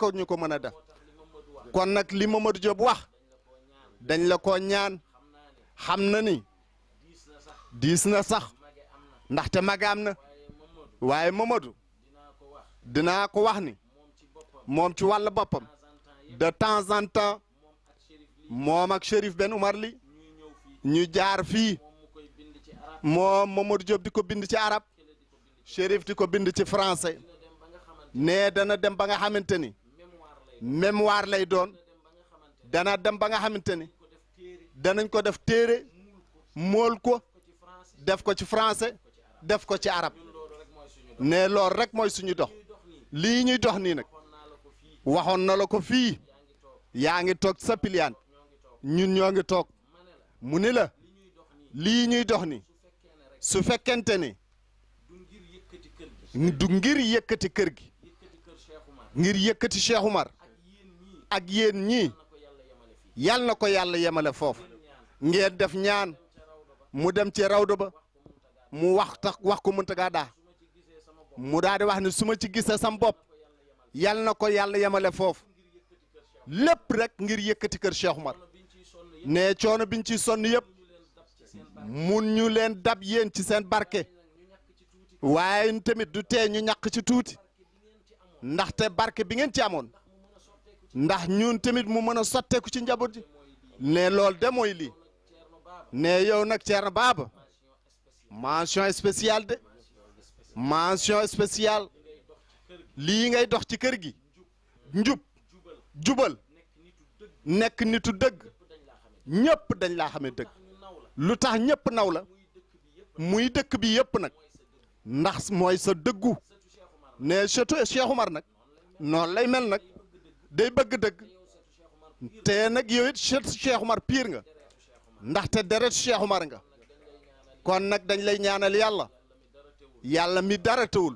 ko ñu ko mën def kon nak li Mamadou Diop wax dañ la ko ñaan xamna ni dis na sax ndaxte magaam na waye Mamadou dina ko wax ni mom ci wal bopam de temps en temps mom ak cherif Ben Oumar li ñu jaar fi mom diko bind ci arab sherif diko bind ci français né dana dem ba nga xamanteni mémoire lay doon dana dem ba nga xamante ni danañ ko def téere mool ko def ko ci français def ko ci arab ne loolu rek mooy suñu dox lii ñuy dox nii nag waxoon na la ko fii yaa ngi toog sa piliyaan ñun ñoo ngi toog mu ni la lii ñuy dox ni su fekkente ni du ngir yëkkati kër gi ngir yëkkati Cheikh mar ak yéen ñii yal na ko yàlla yemale foofu ngeen def ñaan mu dem ci rawdo ba mu wax tax wax ko daa mu daal di wax ne su ma ci gisee sam bopp yal na ko yàlla yemale foofu lépp rek ngir yëkkati kër Cheikh Oumar ne coono biñ ciy sonn yëpp mun ñu leen dab yéen ci seen barke waaye tamit du tee ñu ñàkk ci tuuti ndaxte barke bi ngeen ci amoon ndax ñun tamit mu mën a sotteeku ci njaboot ji ne loolu de mooy lii ne yow nag Thierno Baba mention spéciale de mention spéciale lii ngay dox ci kër gi njub jubal nekk nitu dëgg ñëpp dañ laa xamee dëgg lu tax ñëpp naw la muy dëkk bi yëpp nag ndax mooy sa dëggu ne surtout Cheikh Oumar nag noonu lay mel nag day bëgg dëgg te nag yow it Cheikh Umar piir nga ndaxte deret Cheikh Umar nga kon nag dañ lay ñaanal yàlla yàlla mi dara tawul